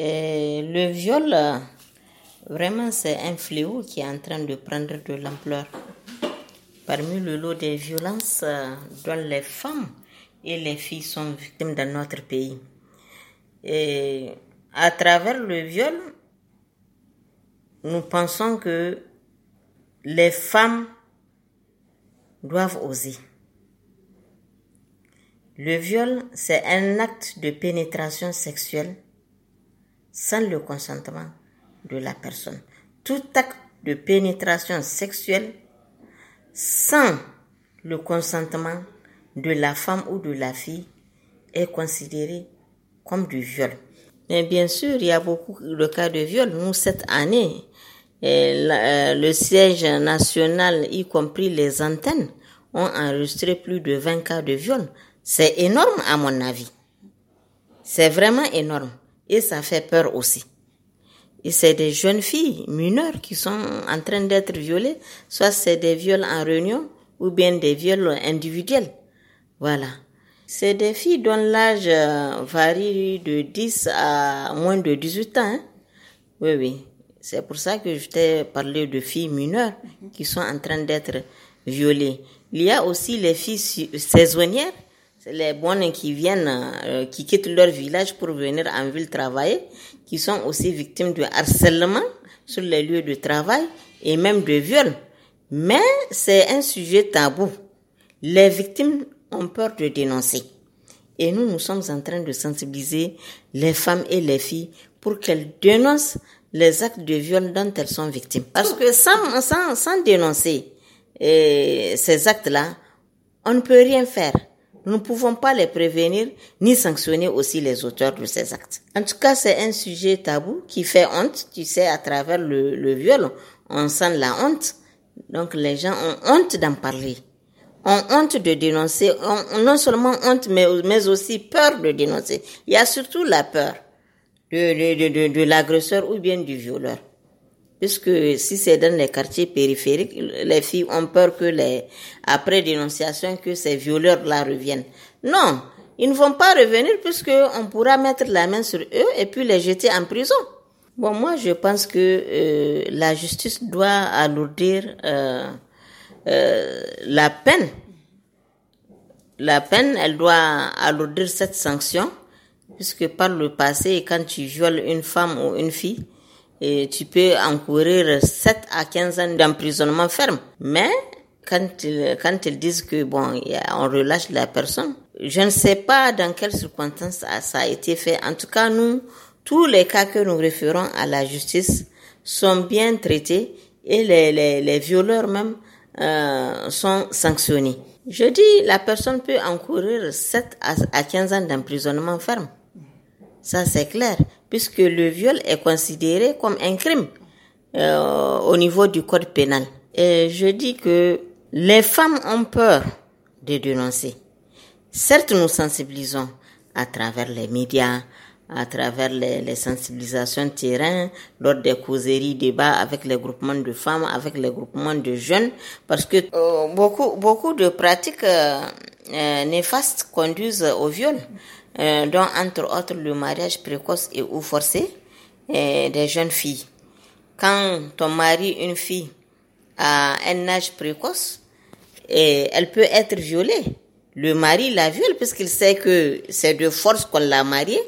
Et le viol, euh, vraiment, c'est un fléau qui est en train de prendre de l'ampleur. Parmi le lot des violences euh, dont les femmes et les filles sont victimes dans notre pays. Et à travers le viol, nous pensons que les femmes doivent oser. Le viol, c'est un acte de pénétration sexuelle sans le consentement de la personne. Tout acte de pénétration sexuelle sans le consentement de la femme ou de la fille est considéré comme du viol. Mais bien sûr, il y a beaucoup de cas de viol. Nous, cette année, eh, euh, le siège national, y compris les antennes, ont enregistré plus de 20 cas de viol. C'est énorme à mon avis. C'est vraiment énorme et ça fait peur aussi. Et c'est des jeunes filles mineures qui sont en train d'être violées, soit c'est des viols en réunion ou bien des viols individuels. Voilà. C'est des filles dont l'âge euh, varie de 10 à moins de 18 ans. Hein. Oui, oui. C'est pour ça que je t'ai parlé de filles mineures mhm. qui sont en train d'être violées. Il y a aussi les filles saisonnières c'est les bonnes qui viennent, euh, qui quittent leur village pour venir en ville travailler, qui sont aussi victimes de harcèlement sur les lieux de travail et même de viol. Mais c'est un sujet tabou. Les victimes ont peur de dénoncer. Et nous, nous sommes en train de sensibiliser les femmes et les filles pour qu'elles dénoncent les actes de viol dont elles sont victimes. Parce que sans, sans, sans dénoncer euh, ces actes-là, on ne peut rien faire. Nous ne pouvons pas les prévenir ni sanctionner aussi les auteurs de ces actes. En tout cas, c'est un sujet tabou qui fait honte, tu sais, à travers le, le viol. On sent la honte. Donc les gens ont honte d'en parler, ont honte de dénoncer, ont non seulement honte, mais, mais aussi peur de dénoncer. Il y a surtout la peur de, de, de, de l'agresseur ou bien du violeur puisque si c'est dans les quartiers périphériques, les filles ont peur que les, après dénonciation, que ces violeurs-là reviennent. Non, ils ne vont pas revenir puisque on pourra mettre la main sur eux et puis les jeter en prison. Bon, moi, je pense que euh, la justice doit alourdir euh, euh, la peine. La peine, elle doit alourdir cette sanction, puisque par le passé, quand tu violes une femme ou une fille, et tu peux encourir 7 à 15 ans d'emprisonnement ferme. Mais quand ils, quand ils disent que bon, on relâche la personne, je ne sais pas dans quelles circonstances ça a été fait. En tout cas, nous, tous les cas que nous référons à la justice sont bien traités et les, les, les violeurs même euh, sont sanctionnés. Je dis, la personne peut encourir 7 à 15 ans d'emprisonnement ferme. Ça, c'est clair puisque le viol est considéré comme un crime euh, au niveau du code pénal. Et je dis que les femmes ont peur de dénoncer. Certes, nous sensibilisons à travers les médias, à travers les, les sensibilisations terrain, lors des causeries, débats avec les groupements de femmes, avec les groupements de jeunes, parce que euh, beaucoup, beaucoup de pratiques euh, néfastes conduisent au viol. Euh, dont entre autres le mariage précoce et ou forcé euh, des jeunes filles. Quand on marie une fille à un âge précoce, elle peut être violée. Le mari la viole puisqu'il sait que c'est de force qu'on l'a mariée.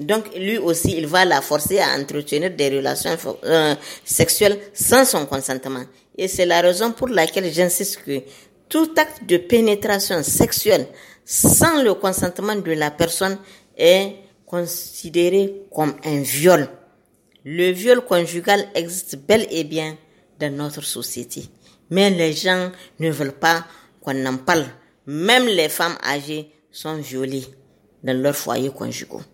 Donc lui aussi, il va la forcer à entretenir des relations euh, sexuelles sans son consentement. Et c'est la raison pour laquelle j'insiste que tout acte de pénétration sexuelle sans le consentement de la personne est considéré comme un viol. Le viol conjugal existe bel et bien dans notre société, mais les gens ne veulent pas qu'on en parle. Même les femmes âgées sont violées dans leurs foyers conjugal.